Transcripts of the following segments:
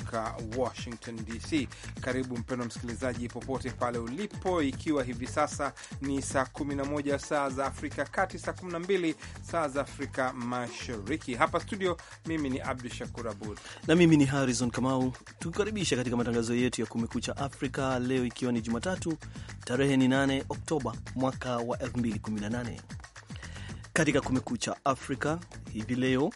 kutoka Washington DC. Karibu mpendwa msikilizaji, popote pale ulipo, ikiwa hivi sasa ni saa 11 saa za Afrika Kati, saa 12 saa za Afrika Mashariki. Hapa studio, mimi ni Abdu Shakur Abud na mimi ni Harrison Kamau, tukukaribisha katika matangazo yetu ya Kumekucha Afrika leo, ikiwa ni Jumatatu tarehe ni 8 Oktoba mwaka wa 2018. Katika Kumekucha Afrika hivi leo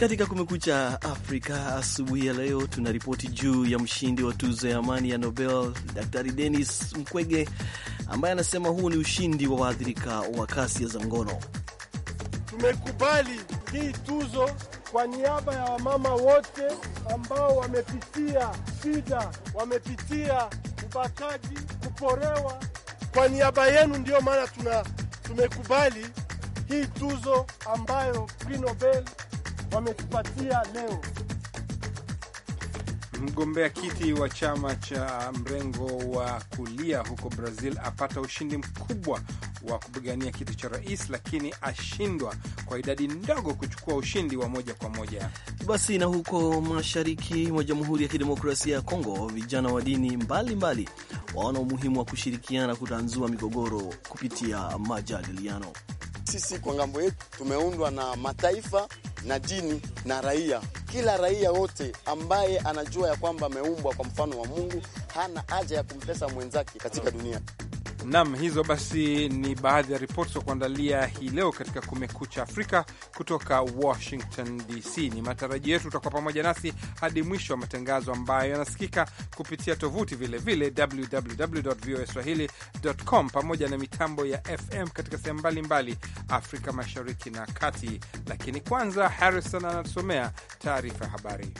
Katika Kumekucha Afrika asubuhi ya leo, tuna ripoti juu ya mshindi wa tuzo ya amani ya Nobel Daktari Denis Mukwege ambaye anasema huu ni ushindi wa waathirika wa kasia za ngono. Tumekubali hii tuzo kwa niaba ya wamama wote ambao wamepitia shida, wamepitia ubakaji, kuporewa. Kwa niaba yenu, ndiyo maana tuna tumekubali hii tuzo ambayo Prix Nobel wametupatia leo. Mgombea kiti wa chama cha mrengo wa kulia huko Brazil apata ushindi mkubwa wa kupigania kiti cha rais, lakini ashindwa kwa idadi ndogo kuchukua ushindi wa moja kwa moja. Basi na huko mashariki mwa Jamhuri ya Kidemokrasia ya Kongo, vijana wa dini mbalimbali waona umuhimu wa kushirikiana kutanzua migogoro kupitia majadiliano. Sisi kwa ngambo yetu tumeundwa na mataifa na dini na raia. Kila raia wote ambaye anajua ya kwamba ameumbwa kwa mfano wa Mungu hana haja ya kumtesa mwenzake katika dunia. Nam, hizo basi ni baadhi ya ripoti za kuandalia hii leo katika Kumekucha Afrika kutoka Washington DC. Ni matarajio yetu utakuwa pamoja nasi hadi mwisho wa matangazo ambayo yanasikika kupitia tovuti vilevile www voa swahili.com, pamoja na mitambo ya FM katika sehemu mbalimbali Afrika Mashariki na Kati. Lakini kwanza, Harrison anatusomea taarifa ya habari.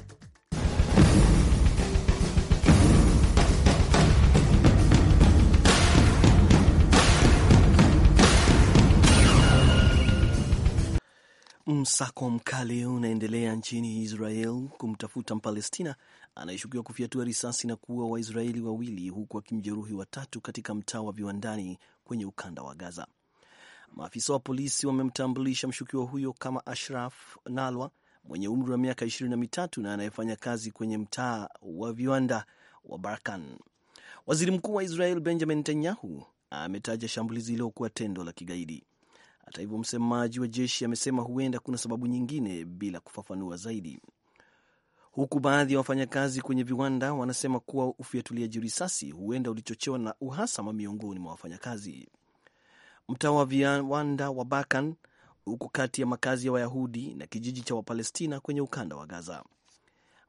Msako mkali unaendelea nchini Israel kumtafuta Mpalestina anayeshukiwa kufyatua risasi na kuua Waisraeli wawili huku akimjeruhi watatu katika mtaa wa viwandani kwenye ukanda wa Gaza. Maafisa wa polisi wamemtambulisha mshukiwa huyo kama Ashraf Nalwa mwenye umri wa miaka ishirini na mitatu na anayefanya kazi kwenye mtaa wa viwanda wa Barkan. Waziri Mkuu wa Israel Benjamin Netanyahu ametaja shambulizi hilo kuwa tendo la kigaidi. Hata hivyo, msemaji wa jeshi amesema huenda kuna sababu nyingine bila kufafanua zaidi, huku baadhi ya wafanyakazi kwenye viwanda wanasema kuwa ufiatuliaji risasi huenda ulichochewa na uhasama miongoni mwa wafanyakazi. Mtaa wa viwanda wa Bakan huko kati ya makazi ya Wayahudi na kijiji cha Wapalestina kwenye ukanda wa Gaza.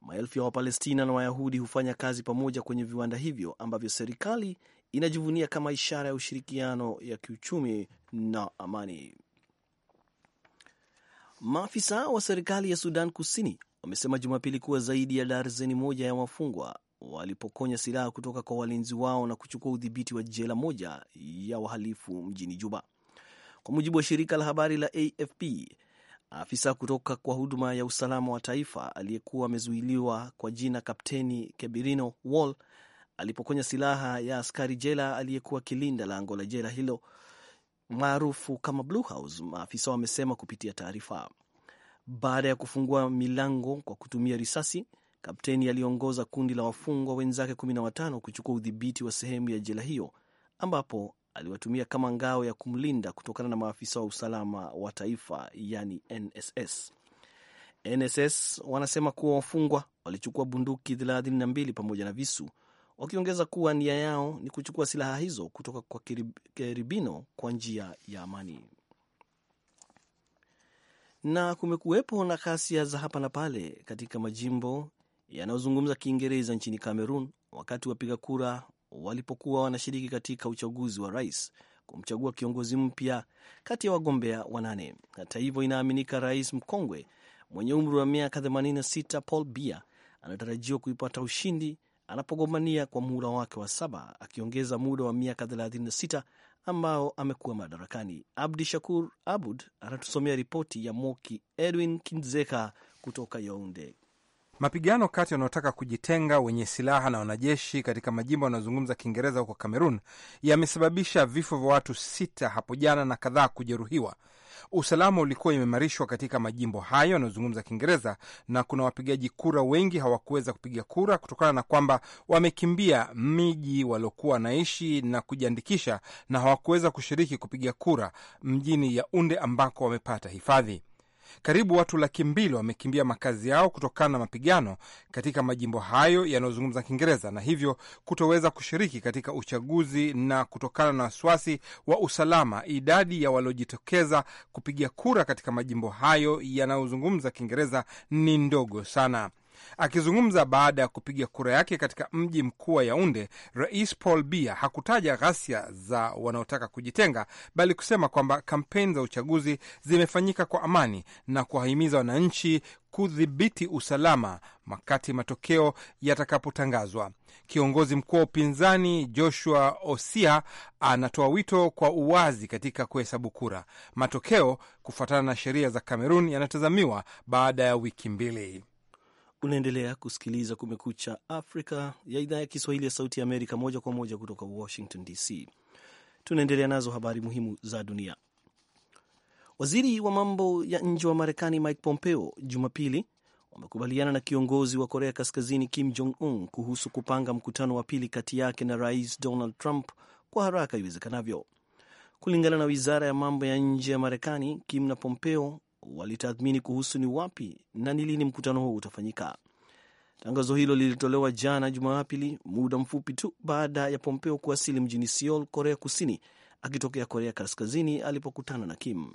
Maelfu ya Wapalestina na Wayahudi hufanya kazi pamoja kwenye viwanda hivyo ambavyo serikali inajivunia kama ishara ya ushirikiano ya kiuchumi na amani. Maafisa wa serikali ya Sudan Kusini wamesema Jumapili kuwa zaidi ya darzeni moja ya wafungwa walipokonya silaha kutoka kwa walinzi wao na kuchukua udhibiti wa jela moja ya wahalifu mjini Juba, kwa mujibu wa shirika la habari la AFP. Afisa kutoka kwa huduma ya usalama wa taifa aliyekuwa amezuiliwa kwa jina Kapteni Kebirino Wall alipokonya silaha ya askari jela aliyekuwa akilinda lango la jela hilo maarufu kama Blue House, maafisa wamesema kupitia taarifa. Baada ya kufungua milango kwa kutumia risasi, kapteni aliongoza kundi la wafungwa wenzake 15 kuchukua udhibiti wa sehemu ya jela hiyo ambapo aliwatumia kama ngao ya kumlinda kutokana na maafisa wa usalama wa taifa yani NSS. NSS wanasema kuwa wafungwa walichukua bunduki 32 pamoja na visu wakiongeza kuwa nia yao ni kuchukua silaha hizo kutoka kwa Kiribino kwa njia ya amani. Na kumekuwepo na ghasia za hapa na pale katika majimbo yanayozungumza Kiingereza nchini cameron wakati wapiga kura walipokuwa wanashiriki katika uchaguzi wa rais kumchagua kiongozi mpya kati ya wagombea wanane. Hata hivyo, inaaminika rais mkongwe mwenye umri wa miaka 86 Paul Biya anatarajiwa kuipata ushindi anapogombania kwa muhula wake wa saba, akiongeza muda wa miaka 36 ambao amekuwa madarakani. Abdi Shakur Abud anatusomea ripoti ya Moki Edwin Kinzeka kutoka Yaunde. Mapigano kati wanaotaka kujitenga wenye silaha na wanajeshi katika majimbo yanayozungumza Kiingereza huko Kamerun yamesababisha vifo vya watu sita hapo jana na kadhaa kujeruhiwa usalama ulikuwa imeimarishwa katika majimbo hayo yanayozungumza Kiingereza, na kuna wapigaji kura wengi hawakuweza kupiga kura kutokana na kwamba wamekimbia miji waliokuwa wanaishi na kujiandikisha, na hawakuweza kushiriki kupiga kura mjini Yaunde ambako wamepata hifadhi. Karibu watu laki mbili wamekimbia makazi yao kutokana na mapigano katika majimbo hayo yanayozungumza Kiingereza na hivyo kutoweza kushiriki katika uchaguzi. Na kutokana na wasiwasi wa usalama, idadi ya waliojitokeza kupiga kura katika majimbo hayo yanayozungumza Kiingereza ni ndogo sana. Akizungumza baada ya kupiga kura yake katika mji mkuu wa Yaunde, Rais Paul Biya hakutaja ghasia za wanaotaka kujitenga, bali kusema kwamba kampeni za uchaguzi zimefanyika kwa amani na kuwahimiza wananchi kudhibiti usalama wakati matokeo yatakapotangazwa. Kiongozi mkuu wa upinzani Joshua Osia anatoa wito kwa uwazi katika kuhesabu kura. Matokeo kufuatana na sheria za Kamerun yanatazamiwa baada ya wiki mbili. Unaendelea kusikiliza Kumekucha Afrika ya idhaa ya Kiswahili ya Sauti ya Amerika, moja kwa moja kutoka Washington DC. Tunaendelea nazo habari muhimu za dunia. Waziri wa mambo ya nje wa Marekani Mike Pompeo Jumapili wamekubaliana na kiongozi wa Korea Kaskazini Kim Jong Un kuhusu kupanga mkutano wa pili kati yake na Rais Donald Trump kwa haraka iwezekanavyo. Kulingana na wizara ya mambo ya nje ya Marekani, Kim na Pompeo walitathmini kuhusu ni wapi na ni lini mkutano huo utafanyika. Tangazo hilo lilitolewa jana Jumapili, muda mfupi tu baada ya Pompeo kuwasili mjini Seoul, Korea Kusini, akitokea Korea Kaskazini alipokutana na Kim.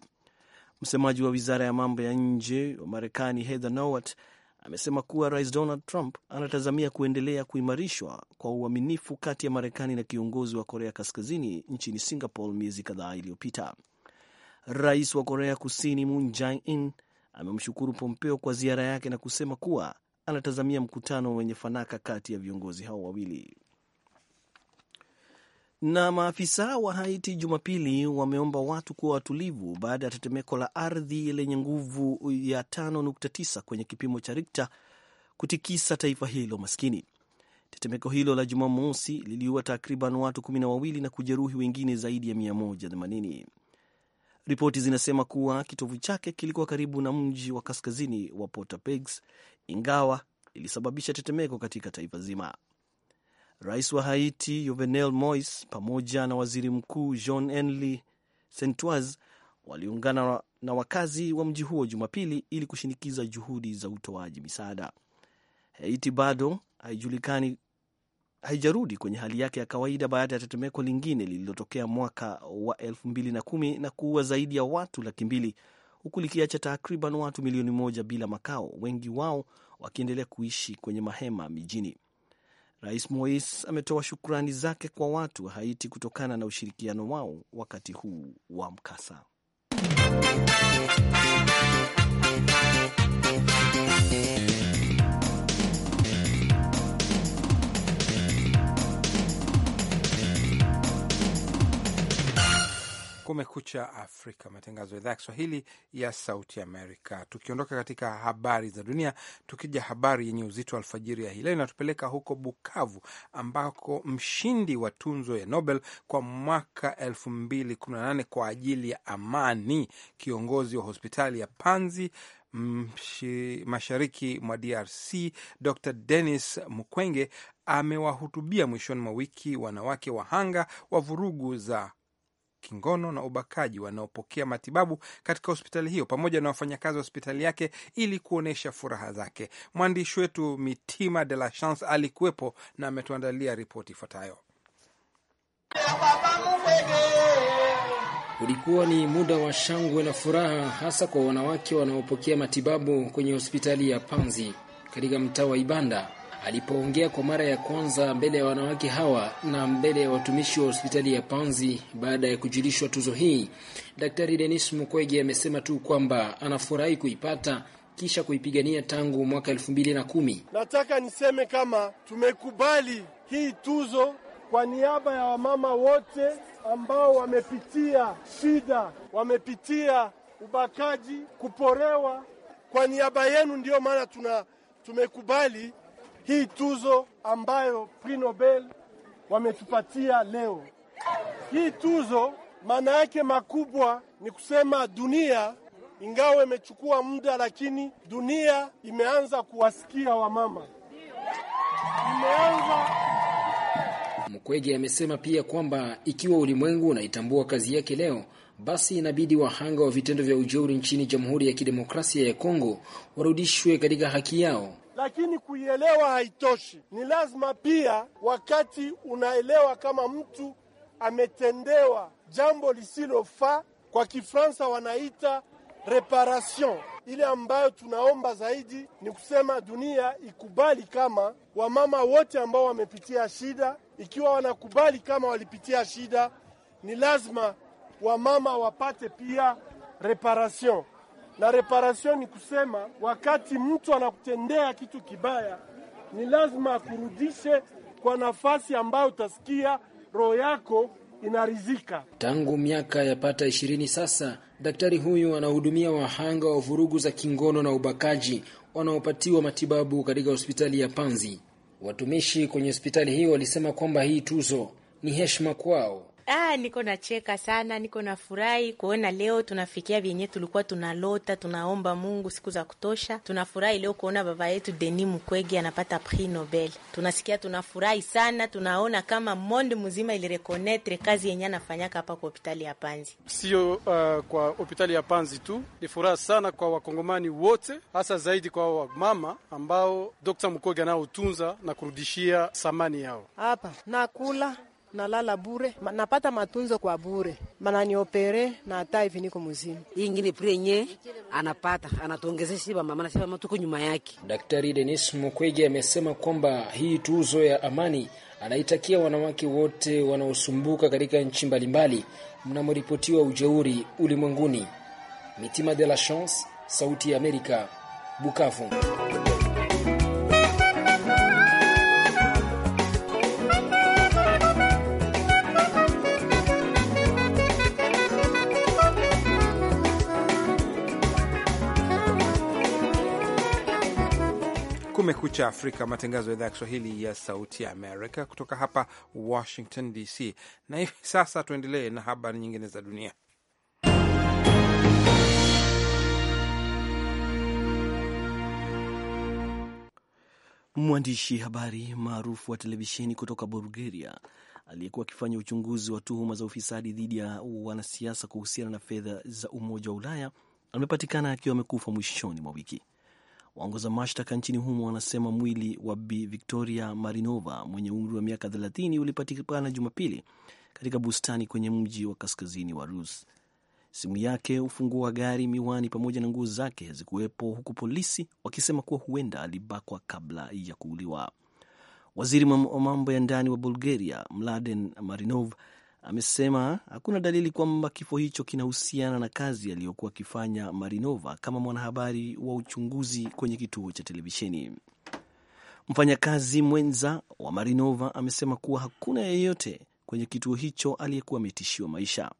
Msemaji wa wizara ya mambo ya nje wa Marekani Heather Nauert amesema kuwa Rais Donald Trump anatazamia kuendelea kuimarishwa kwa uaminifu kati ya Marekani na kiongozi wa Korea Kaskazini nchini Singapore miezi kadhaa iliyopita. Rais wa Korea Kusini Moon Jae-in amemshukuru Pompeo kwa ziara yake na kusema kuwa anatazamia mkutano wenye fanaka kati ya viongozi hao wawili. Na maafisa wa Haiti Jumapili wameomba watu kuwa watulivu baada ya tetemeko la ardhi lenye nguvu ya 5.9 kwenye kipimo cha rikta kutikisa taifa hilo maskini. Tetemeko hilo la Jumamosi liliua takriban watu kumi na wawili na kujeruhi wengine zaidi ya 180. Ripoti zinasema kuwa kitovu chake kilikuwa karibu na mji wa kaskazini wa port ingawa ilisababisha tetemeko katika taifa zima. Rais wa Haiti Jovenel mois pamoja na waziri mkuu Jean Enli Sentois waliungana na wakazi wa mji huo Jumapili ili kushinikiza juhudi za utoaji misaada. Haiti bado haijulikani haijarudi kwenye hali yake ya kawaida baada ya tetemeko lingine lililotokea mwaka wa 2010 na kuua zaidi ya watu laki mbili huku likiacha takriban watu milioni moja bila makao, wengi wao wakiendelea kuishi kwenye mahema mijini. Rais Mois ametoa shukrani zake kwa watu wa Haiti kutokana na ushirikiano wao wakati huu wa mkasa. Kumekucha Afrika, matangazo ya idhaa ya Kiswahili ya Sauti Amerika. Tukiondoka katika habari za dunia, tukija habari yenye uzito wa alfajiri ya hii leo inatupeleka huko Bukavu, ambako mshindi wa tunzo ya Nobel kwa mwaka 2018 kwa ajili ya amani, kiongozi wa hospitali ya Panzi Mshi, mashariki mwa DRC Dr. Denis Mukwege amewahutubia mwishoni mwa wiki wanawake wahanga wa vurugu za kingono na ubakaji wanaopokea matibabu katika hospitali hiyo pamoja na wafanyakazi wa hospitali yake ili kuonyesha furaha zake. Mwandishi wetu Mitima De La Chance alikuwepo na ametuandalia ripoti ifuatayo. Ulikuwa ni muda wa shangwe na furaha hasa kwa wanawake wanaopokea matibabu kwenye hospitali ya Panzi katika mtaa wa Ibanda Alipoongea kwa mara ya kwanza mbele ya wanawake hawa na mbele ya watumishi wa hospitali ya Panzi baada ya kujulishwa tuzo hii, Daktari Denis Mukwege amesema tu kwamba anafurahi kuipata kisha kuipigania tangu mwaka elfu mbili na kumi. Nataka niseme kama tumekubali hii tuzo kwa niaba ya wamama wote ambao wamepitia shida, wamepitia ubakaji, kuporewa. Kwa niaba yenu, ndiyo maana tuna tumekubali hii tuzo ambayo Prix Nobel wametupatia leo. Hii tuzo maana yake makubwa ni kusema dunia, ingawa imechukua muda, lakini dunia imeanza kuwasikia wamama, imeanza Mkwege amesema pia kwamba ikiwa ulimwengu unaitambua kazi yake leo, basi inabidi wahanga wa vitendo vya ujeuri nchini Jamhuri ya Kidemokrasia ya Kongo warudishwe katika haki yao lakini kuielewa haitoshi. Ni lazima pia, wakati unaelewa kama mtu ametendewa jambo lisilofaa, kwa Kifransa wanaita reparation. Ile ambayo tunaomba zaidi ni kusema dunia ikubali kama wamama wote ambao wamepitia shida, ikiwa wanakubali kama walipitia shida, ni lazima wamama wapate pia reparation na reparation ni kusema wakati mtu anakutendea kitu kibaya, ni lazima akurudishe kwa nafasi ambayo utasikia roho yako inarizika Tangu miaka yapata ishirini sasa, daktari huyu anahudumia wahanga wa vurugu za kingono na ubakaji wanaopatiwa matibabu katika hospitali ya Panzi. Watumishi kwenye hospitali hiyo walisema kwamba hii tuzo ni heshima kwao Ah, niko nacheka sana, niko nafurahi kuona leo tunafikia vyenye tulikuwa tunalota, tunaomba Mungu siku za kutosha. Tunafurahi leo kuona baba yetu Denis Mukwege anapata prix Nobel, tunasikia tunafurahi sana, tunaona kama monde mzima ilirekonetre kazi yenye anafanyaka hapa kwa hopitali ya Panzi, sio uh, kwa hopitali ya Panzi tu. Ni furaha sana kwa wakongomani wote, hasa zaidi kwa wamama ambao Dr. Mukwege anaotunza na kurudishia thamani yao hapa nakula nalala bure, napata matunzo kwa bure, mananiopere na hata hivi niko mzima. Hii ingine bure yenye anapata anatuongezea ba mama nasema sisi tuko nyuma yake. Daktari Denis Mukwege amesema kwamba hii tuzo ya amani anaitakia wanawake wote wanaosumbuka katika nchi mbalimbali mnamoripotiwa ujeuri ulimwenguni. Mitima de la Chance, Sauti ya Amerika, Bukavu. Kumekucha Afrika, matangazo ya idhaa ya Kiswahili ya Sauti ya Amerika kutoka hapa Washington DC. Na hivi sasa tuendelee na habari nyingine za dunia. Mwandishi habari maarufu wa televisheni kutoka Bulgaria aliyekuwa akifanya uchunguzi wa tuhuma za ufisadi dhidi ya wanasiasa kuhusiana na fedha za Umoja wa Ulaya amepatikana akiwa amekufa mwishoni mwa wiki. Waongoza mashtaka nchini humo wanasema mwili wa Bi Victoria Marinova mwenye umri wa miaka 30 ulipatikana Jumapili katika bustani kwenye mji wa kaskazini wa Rus. Simu yake, ufunguo wa gari, miwani pamoja na nguo zake hazikuwepo, huku polisi wakisema kuwa huenda alibakwa kabla ya kuuliwa. Waziri wa mambo ya ndani wa Bulgaria Mladen Marinov amesema hakuna dalili kwamba kifo hicho kinahusiana na kazi aliyokuwa akifanya Marinova kama mwanahabari wa uchunguzi kwenye kituo cha televisheni. Mfanyakazi mwenza wa Marinova amesema kuwa hakuna yeyote kwenye kituo hicho aliyekuwa ametishiwa maisha.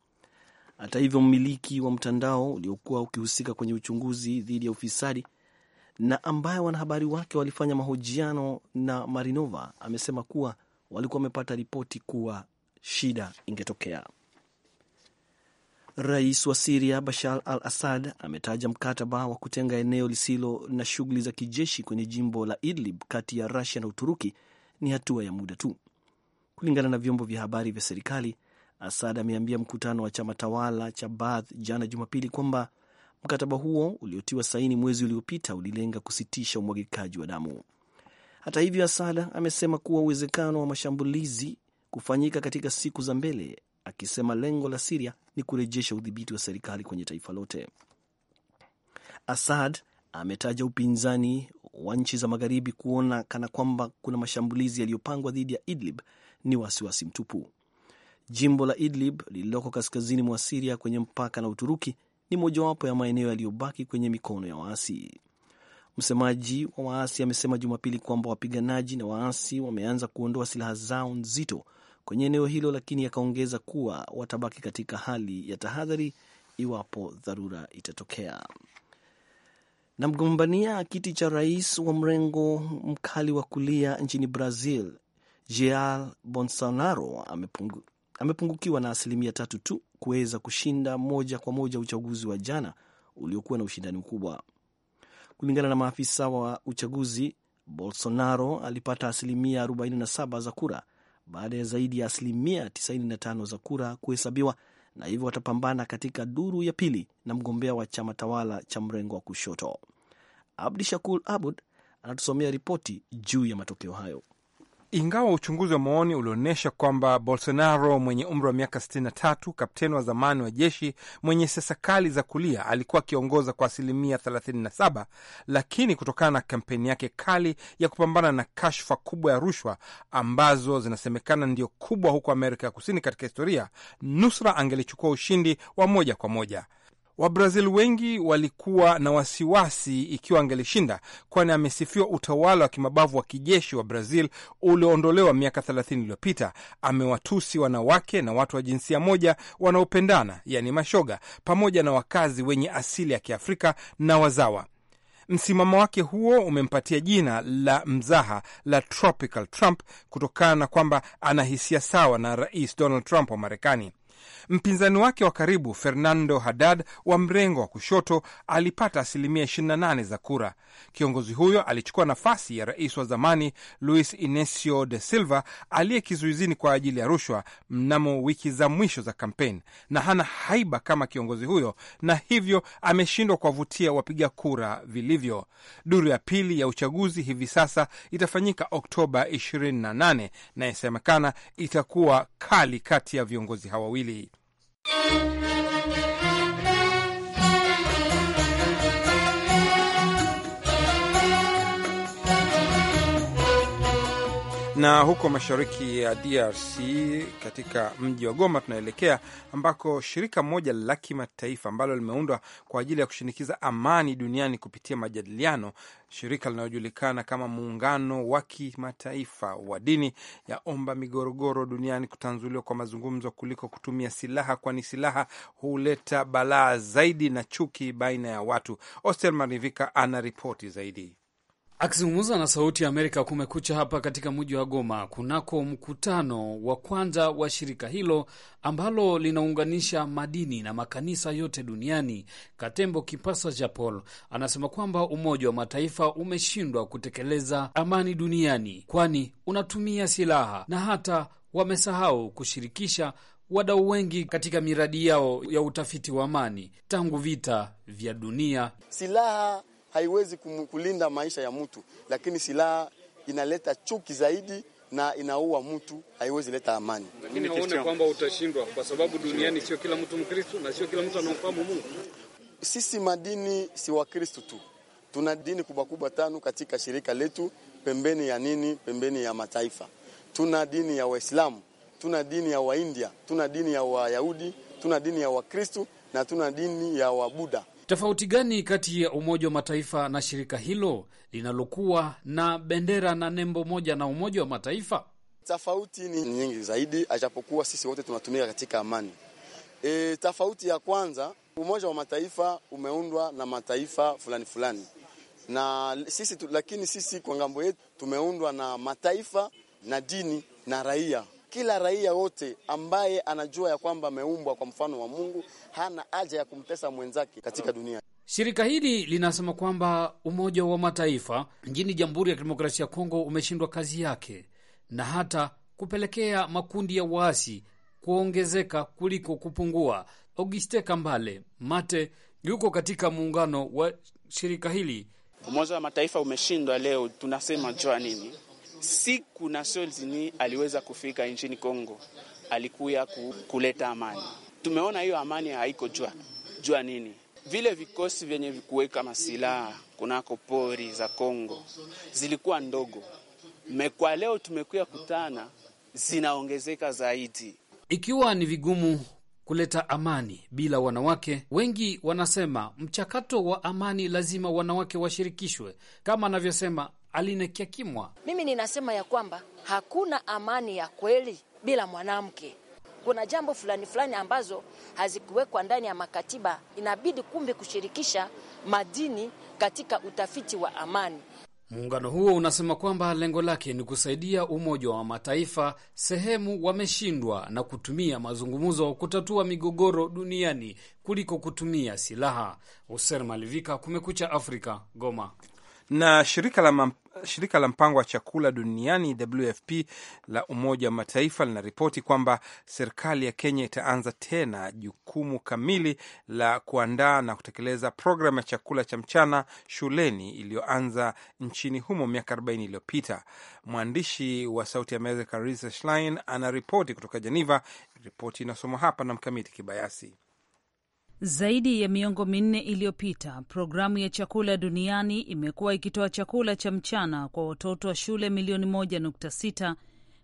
Hata hivyo, mmiliki wa mtandao uliokuwa ukihusika kwenye uchunguzi dhidi ya ufisadi na ambaye wanahabari wake walifanya mahojiano na Marinova amesema kuwa walikuwa wamepata ripoti kuwa shida ingetokea. Rais wa Siria Bashar al Assad ametaja mkataba wa kutenga eneo lisilo na shughuli za kijeshi kwenye jimbo la Idlib kati ya Rusia na Uturuki ni hatua ya muda tu, kulingana na vyombo vya habari vya serikali. Assad ameambia mkutano wa chama tawala cha Baath jana Jumapili kwamba mkataba huo uliotiwa saini mwezi uliopita ulilenga kusitisha umwagikaji wa damu. Hata hivyo, Assad amesema kuwa uwezekano wa mashambulizi kufanyika katika siku za mbele, akisema lengo la Siria ni kurejesha udhibiti wa serikali kwenye taifa lote. Assad ametaja upinzani wa nchi za magharibi kuona kana kwamba kuna mashambulizi yaliyopangwa dhidi ya Idlib ni wasiwasi mtupu. Jimbo la Idlib lililoko kaskazini mwa Siria kwenye mpaka na Uturuki ni mojawapo ya maeneo yaliyobaki kwenye mikono ya waasi. Msemaji wa waasi amesema Jumapili kwamba wapiganaji na waasi wameanza kuondoa silaha zao nzito kwenye eneo hilo, lakini akaongeza kuwa watabaki katika hali ya tahadhari iwapo dharura itatokea. Na mgombania kiti cha rais wa mrengo mkali wa kulia nchini Brazil Jair Bolsonaro amepungu, amepungukiwa na asilimia tatu tu kuweza kushinda moja kwa moja uchaguzi wa jana uliokuwa na ushindani mkubwa. Kulingana na maafisa wa uchaguzi, Bolsonaro alipata asilimia 47 za kura baada ya zaidi ya asilimia 95 za kura kuhesabiwa na hivyo watapambana katika duru ya pili na mgombea wa chama tawala cha mrengo wa kushoto. abdishakur Abud anatusomea ripoti juu ya matokeo hayo. Ingawa uchunguzi wa maoni ulionyesha kwamba Bolsonaro mwenye umri wa miaka 63, kapteni wa zamani wa jeshi mwenye siasa kali za kulia, alikuwa akiongoza kwa asilimia 37, lakini kutokana na kampeni yake kali ya kupambana na kashfa kubwa ya rushwa ambazo zinasemekana ndio kubwa huko Amerika ya Kusini katika historia, nusra angelichukua ushindi wa moja kwa moja. Wabrazil wengi walikuwa na wasiwasi ikiwa angelishinda, kwani amesifiwa utawala wa kimabavu wa kijeshi wa Brazil ulioondolewa miaka 30 iliyopita. Amewatusi wanawake na watu wa jinsia moja wanaopendana, yani mashoga, pamoja na wakazi wenye asili ya Kiafrika na wazawa. Msimamo wake huo umempatia jina la mzaha la Tropical Trump kutokana na kwamba ana hisia sawa na Rais Donald Trump wa Marekani. Mpinzani wake wa karibu Fernando Haddad wa mrengo wa kushoto alipata asilimia 28 za kura. Kiongozi huyo alichukua nafasi ya rais wa zamani Luis Inacio de Silva aliye kizuizini kwa ajili ya rushwa mnamo wiki za mwisho za kampeni, na hana haiba kama kiongozi huyo, na hivyo ameshindwa kuwavutia wapiga kura vilivyo. Duru ya pili ya uchaguzi hivi sasa itafanyika Oktoba 28 na inasemekana itakuwa kali kati ya viongozi hawa wawili. TV. Na huko mashariki ya DRC katika mji wa Goma tunaelekea ambako shirika moja la kimataifa ambalo limeundwa kwa ajili ya kushinikiza amani duniani kupitia majadiliano, shirika linalojulikana kama Muungano wa Kimataifa wa Dini yaomba migorogoro duniani kutanzuliwa kwa mazungumzo kuliko kutumia silaha, kwani silaha huleta balaa zaidi na chuki baina ya watu. ostel Marivika ana ripoti zaidi. Akizungumza na Sauti ya Amerika Kumekucha hapa katika mji wa Goma, kunako mkutano wa kwanza wa shirika hilo ambalo linaunganisha madini na makanisa yote duniani, Katembo Kipasa Japol anasema kwamba Umoja wa Mataifa umeshindwa kutekeleza amani duniani, kwani unatumia silaha na hata wamesahau kushirikisha wadau wengi katika miradi yao ya utafiti wa amani tangu vita vya dunia. Silaha haiwezi kulinda maisha ya mtu, lakini silaha inaleta chuki zaidi na inaua mtu, haiwezi leta amani. Lakini naona kwamba utashindwa, kwa sababu duniani sio kila mtu Mkristo na sio kila mtu anamfahamu Mungu. Sisi madini si Wakristo tu, tuna dini kubwa kubwa tano katika shirika letu. Pembeni ya nini? Pembeni ya mataifa, tuna dini ya Waislamu, tuna dini ya Waindia, tuna dini ya Wayahudi, tuna dini ya Wakristo na tuna dini ya Wabuda. Tofauti gani kati ya Umoja wa Mataifa na shirika hilo linalokuwa na bendera na nembo moja na Umoja wa Mataifa? Tofauti ni nyingi zaidi, ajapokuwa sisi wote tunatumika katika amani. E, tofauti ya kwanza, Umoja wa Mataifa umeundwa na mataifa fulani fulani na sisi, lakini sisi kwa ngambo yetu tumeundwa na mataifa na dini na raia kila raia wote ambaye anajua ya kwamba ameumbwa kwa mfano wa Mungu hana haja ya kumtesa mwenzake katika dunia. Shirika hili linasema kwamba Umoja wa Mataifa nchini Jamhuri ya Kidemokrasia ya Kongo umeshindwa kazi yake na hata kupelekea makundi ya waasi kuongezeka kuliko kupungua. Auguste Kambale Mate yuko katika muungano wa shirika hili. Umoja wa Mataifa umeshindwa leo, tunasema jua nini? siku solzini aliweza kufika nchini Kongo, alikuya kuleta amani. Tumeona hiyo amani haiko jua jua nini vile vikosi vyenye kuweka masilaha kunako pori za Kongo zilikuwa ndogo, mekwa leo tumekuya kutana zinaongezeka zaidi, ikiwa ni vigumu kuleta amani bila wanawake. Wengi wanasema mchakato wa amani lazima wanawake washirikishwe, kama anavyosema Alinekia Kimwa. Mimi ninasema ya kwamba hakuna amani ya kweli bila mwanamke. Kuna jambo fulani fulani ambazo hazikuwekwa ndani ya makatiba, inabidi kumbe kushirikisha madini katika utafiti wa amani. Muungano huo unasema kwamba lengo lake ni kusaidia Umoja wa Mataifa sehemu wameshindwa na kutumia mazungumzo kutatua migogoro duniani kuliko kutumia silaha. Hoser Malivika, Kumekucha Afrika, Goma na shirika la mam shirika la mpango wa chakula duniani WFP la Umoja wa Mataifa linaripoti kwamba serikali ya Kenya itaanza tena jukumu kamili la kuandaa na kutekeleza programu ya chakula cha mchana shuleni iliyoanza nchini humo miaka 40 iliyopita. Mwandishi wa Sauti america Amerika Lisa Schlein anaripoti kutoka Geneva. Ripoti inasomwa hapa na Mkamiti Kibayasi. Zaidi ya miongo minne iliyopita, programu ya chakula duniani imekuwa ikitoa chakula cha mchana kwa watoto wa shule milioni 1.6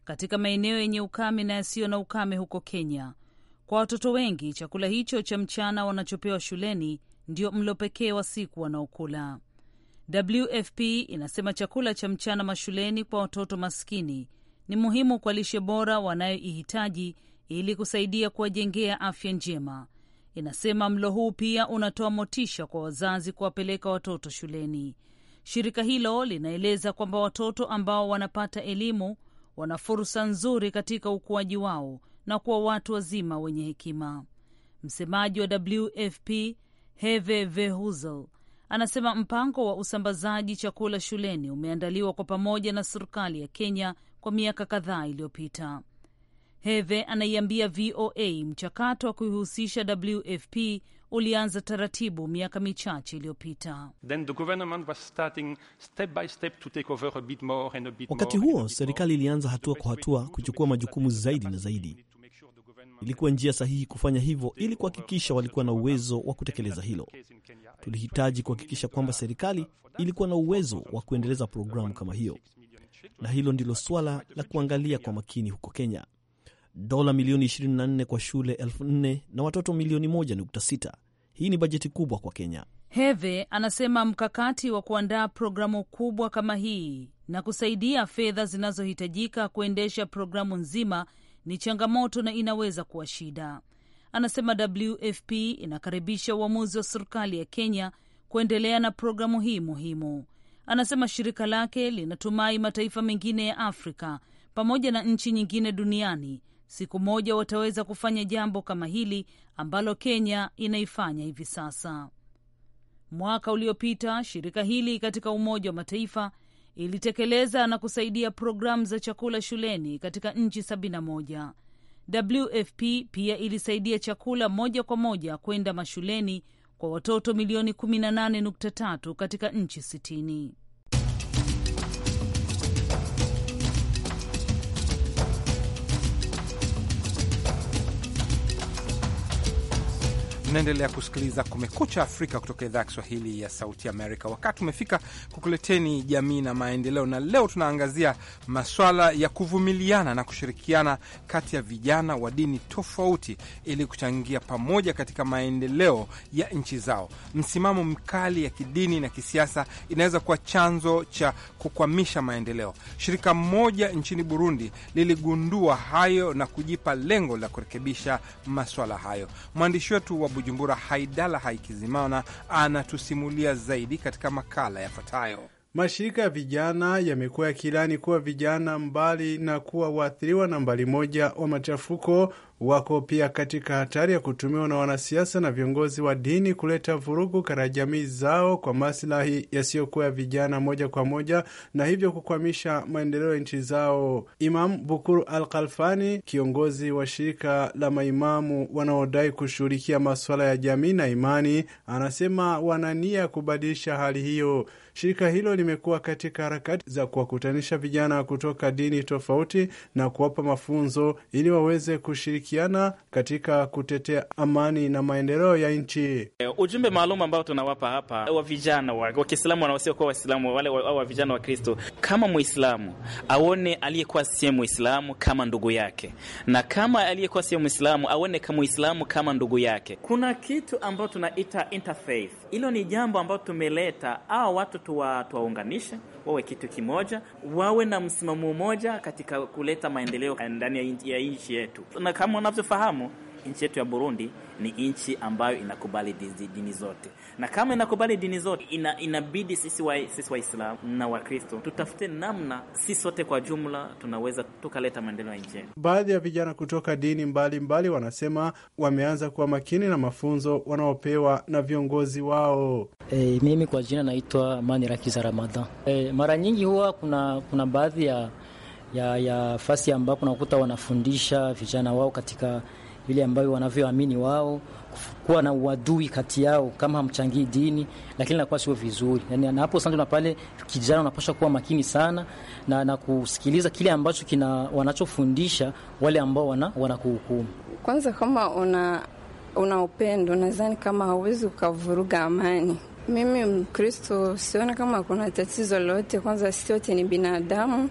katika maeneo yenye ukame na yasiyo na ukame huko Kenya. Kwa watoto wengi, chakula hicho cha mchana wanachopewa shuleni ndio mlo pekee wa siku wanaokula. WFP inasema chakula cha mchana mashuleni kwa watoto maskini ni muhimu kwa lishe bora wanayoihitaji ili kusaidia kuwajengea afya njema inasema mlo huu pia unatoa motisha kwa wazazi kuwapeleka watoto shuleni. Shirika hilo linaeleza kwamba watoto ambao wanapata elimu wana fursa nzuri katika ukuaji wao na kuwa watu wazima wenye hekima. Msemaji wa WFP Heve vehuzel anasema mpango wa usambazaji chakula shuleni umeandaliwa kwa pamoja na serikali ya Kenya kwa miaka kadhaa iliyopita. Heve anaiambia VOA mchakato wa kuihusisha WFP ulianza taratibu miaka michache iliyopita. Wakati huo serikali ilianza hatua kwa hatua kuchukua majukumu zaidi na zaidi. Ilikuwa njia sahihi kufanya hivyo ili kuhakikisha walikuwa na uwezo wa kutekeleza hilo. Tulihitaji kuhakikisha kwamba serikali ilikuwa na uwezo wa kuendeleza programu kama hiyo, na hilo ndilo suala la kuangalia kwa makini huko Kenya dola milioni 24 kwa shule 4 na watoto milioni 1.6. Hii ni bajeti kubwa kwa Kenya. Heve anasema mkakati wa kuandaa programu kubwa kama hii na kusaidia fedha zinazohitajika kuendesha programu nzima ni changamoto na inaweza kuwa shida. Anasema WFP inakaribisha uamuzi wa serikali ya Kenya kuendelea na programu hii muhimu. Anasema shirika lake linatumai mataifa mengine ya Afrika pamoja na nchi nyingine duniani Siku moja wataweza kufanya jambo kama hili ambalo Kenya inaifanya hivi sasa. Mwaka uliopita shirika hili katika Umoja wa Mataifa ilitekeleza na kusaidia programu za chakula shuleni katika nchi 71. WFP pia ilisaidia chakula moja kwa moja kwenda mashuleni kwa watoto milioni 18.3 katika nchi 60. Unaendelea kusikiliza Kumekucha Afrika kutoka idhaa ya Kiswahili ya Sauti Amerika. Wakati umefika kukuleteni Jamii na Maendeleo, na leo tunaangazia maswala ya kuvumiliana na kushirikiana kati ya vijana wa dini tofauti ili kuchangia pamoja katika maendeleo ya nchi zao. Msimamo mkali ya kidini na kisiasa inaweza kuwa chanzo cha kukwamisha maendeleo. Shirika moja nchini Burundi liligundua hayo na kujipa lengo la kurekebisha maswala hayo. Mwandishi wetu wa Bujumbura Bujumbura, Haidala Haikizimana anatusimulia zaidi katika makala yafuatayo. Mashirika ya vijana yamekuwa yakirani kuwa vijana, mbali na kuwa waathiriwa nambari moja wa machafuko, wako pia katika hatari ya kutumiwa na wanasiasa na viongozi wa dini kuleta vurugu katika jamii zao kwa maslahi yasiyokuwa ya vijana moja kwa moja, na hivyo kukwamisha maendeleo ya nchi zao. Imam Bukuru Al Kalfani, kiongozi wa shirika la maimamu wanaodai kushughulikia masuala ya jamii na imani, anasema wana nia ya kubadilisha hali hiyo. Shirika hilo limekuwa katika harakati za kuwakutanisha vijana kutoka dini tofauti na kuwapa mafunzo ili waweze kushiriki kushirikiana katika kutetea amani na maendeleo ya nchi. Eh, ujumbe maalum ambao tunawapa hapa wa vijana wa Kiislamu wanaosiokuwa Waislamu wale wa, wa vijana wa Kristo, kama Muislamu aone aliyekuwa sie Muislamu kama ndugu yake, na kama aliyekuwa sie Muislamu aone kama Muislamu kama ndugu yake. Kuna kitu ambao tunaita interfaith, hilo ni jambo ambao tumeleta au watu tuwaunganishe, tuwa wawe kitu kimoja, wawe na msimamo mmoja katika kuleta maendeleo ndani ya nchi yetu na kama kama unavyofahamu nchi yetu ya Burundi ni nchi ambayo inakubali dini zote, na kama inakubali dini zote ina, inabidi sisi wa, sisi Waislamu na Wakristo tutafute namna sisi sote kwa jumla tunaweza tukaleta maendeleo ya nchi yetu. Baadhi ya vijana kutoka dini mbalimbali mbali wanasema wameanza kuwa makini na mafunzo wanaopewa na viongozi wao. E, mimi kwa jina naitwa Rakiza Ramadan. E, mara nyingi huwa kuna, kuna baadhi ya ya, ya fasi ambapo nakuta wanafundisha vijana wao katika vile ambavyo wanavyoamini wao, kuwa na uadui kati yao kama hamchangii dini, lakini nakuwa sio vizuri. Yani na hapo sasa pale kijana unapaswa kuwa makini sana na, na kusikiliza kile ambacho kina wanachofundisha wale ambao wana, wanakuhukumu. Kwanza kama una una upendo, nadhani kama hauwezi ukavuruga amani. Mimi Mkristo siona kama kuna tatizo lolote. Kwanza sisi wote ni binadamu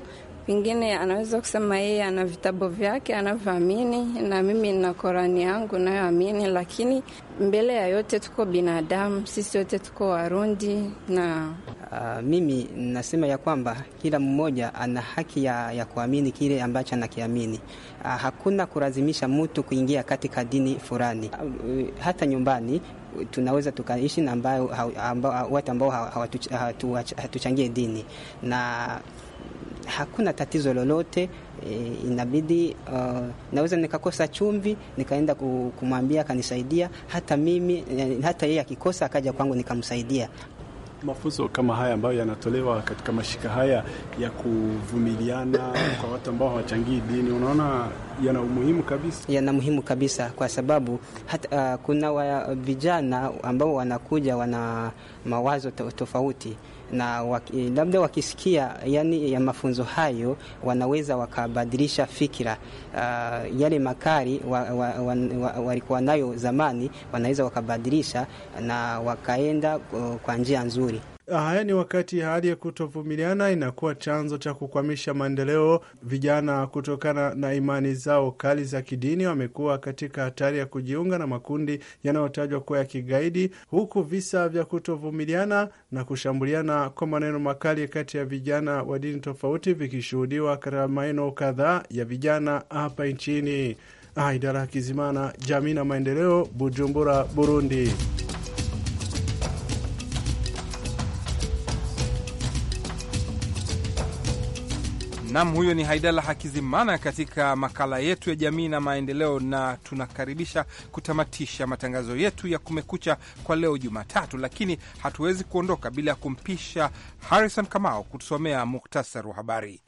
pengine anaweza kusema yeye ana vitabu vyake anavyoamini, na mimi na Korani yangu nayoamini, lakini mbele ya yote tuko binadamu, sisi yote tuko Warundi na uh, mimi nasema ya kwamba kila mmoja ana haki ya, ya kuamini kile ambacho anakiamini. Uh, hakuna kulazimisha mtu kuingia katika dini fulani. Uh, hata nyumbani tunaweza tukaishi na ambao watu ambao hawatuchangie dini na hakuna tatizo lolote e, inabidi uh, naweza nikakosa chumvi nikaenda kumwambia akanisaidia, hata mimi e, hata yeye akikosa akaja kwangu nikamsaidia. Mafunzo kama haya ambayo yanatolewa katika mashika haya ya kuvumiliana kwa watu ambao hawachangii dini, unaona yana umuhimu kabisa, yana muhimu kabisa kwa sababu hata, uh, kuna vijana ambao wanakuja wana mawazo tofauti na waki, labda wakisikia yani ya mafunzo hayo wanaweza wakabadilisha fikira uh, yale makari walikuwa wa, wa, wa, wa nayo zamani wanaweza wakabadilisha na wakaenda uh, kwa njia nzuri. Haya ni wakati hali ya kutovumiliana inakuwa chanzo cha kukwamisha maendeleo. Vijana, kutokana na imani zao kali za kidini, wamekuwa katika hatari ya kujiunga na makundi yanayotajwa kuwa ya kigaidi, huku visa vya kutovumiliana na kushambuliana kwa maneno makali kati ya vijana wa dini tofauti vikishuhudiwa katika maeneo kadhaa ya vijana hapa nchini. Haidara Kizimana, Jamii na Maendeleo, Bujumbura, Burundi. Nam, huyo ni Haidala Hakizimana katika makala yetu ya jamii na maendeleo, na tunakaribisha kutamatisha matangazo yetu ya Kumekucha kwa leo Jumatatu, lakini hatuwezi kuondoka bila ya kumpisha Harrison Kamao kutusomea muktasari wa habari.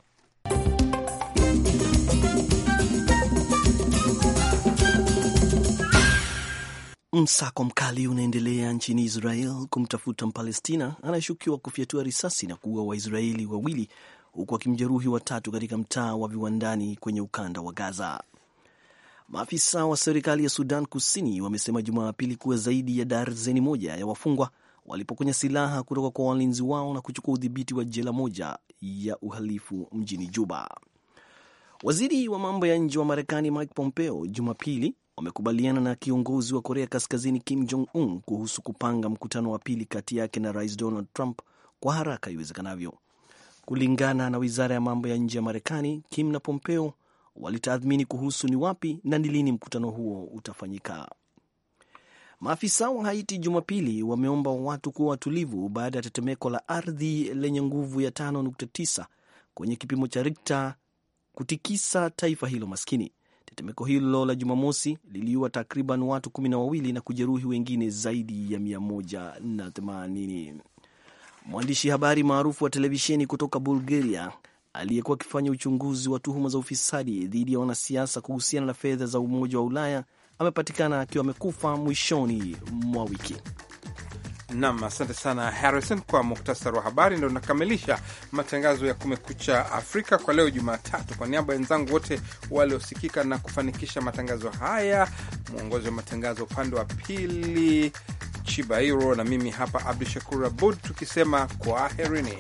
Msako mkali unaendelea nchini Israel kumtafuta Mpalestina anayeshukiwa kufyatua risasi na kuua Waisraeli wawili huku akimjeruhi watatu katika mtaa wa viwandani kwenye ukanda wa Gaza. Maafisa wa serikali ya Sudan Kusini wamesema Jumapili kuwa zaidi ya darzeni moja ya wafungwa walipokonya silaha kutoka kwa walinzi wao na kuchukua udhibiti wa jela moja ya uhalifu mjini Juba. Waziri wa mambo ya nje wa Marekani Mike Pompeo Jumapili wamekubaliana na kiongozi wa Korea Kaskazini Kim Jong Un kuhusu kupanga mkutano wa pili kati yake na Rais Donald Trump kwa haraka iwezekanavyo. Kulingana na wizara ya mambo ya nje ya Marekani, Kim na Pompeo walitathmini kuhusu ni wapi na ni lini mkutano huo utafanyika. Maafisa wa Haiti Jumapili wameomba watu kuwa watulivu baada ya tetemeko la ardhi lenye nguvu ya 5.9 kwenye kipimo cha Rikta kutikisa taifa hilo maskini. Tetemeko hilo la Jumamosi liliua takriban watu kumi na wawili na kujeruhi wengine zaidi ya 180 mwandishi habari maarufu wa televisheni kutoka Bulgaria aliyekuwa akifanya uchunguzi wa tuhuma za ufisadi dhidi ya wanasiasa kuhusiana na fedha za Umoja wa Ulaya amepatikana akiwa amekufa mwishoni mwa wiki. Nam, asante sana Harrison kwa muktasari wa habari. Ndo nakamilisha matangazo ya Kumekucha Afrika kwa leo Jumatatu. Kwa niaba ya wenzangu wote waliosikika na kufanikisha matangazo haya, mwongozi wa matangazo upande wa pili Chibairo na mimi hapa Abdu Shakur Abud tukisema kwaherini.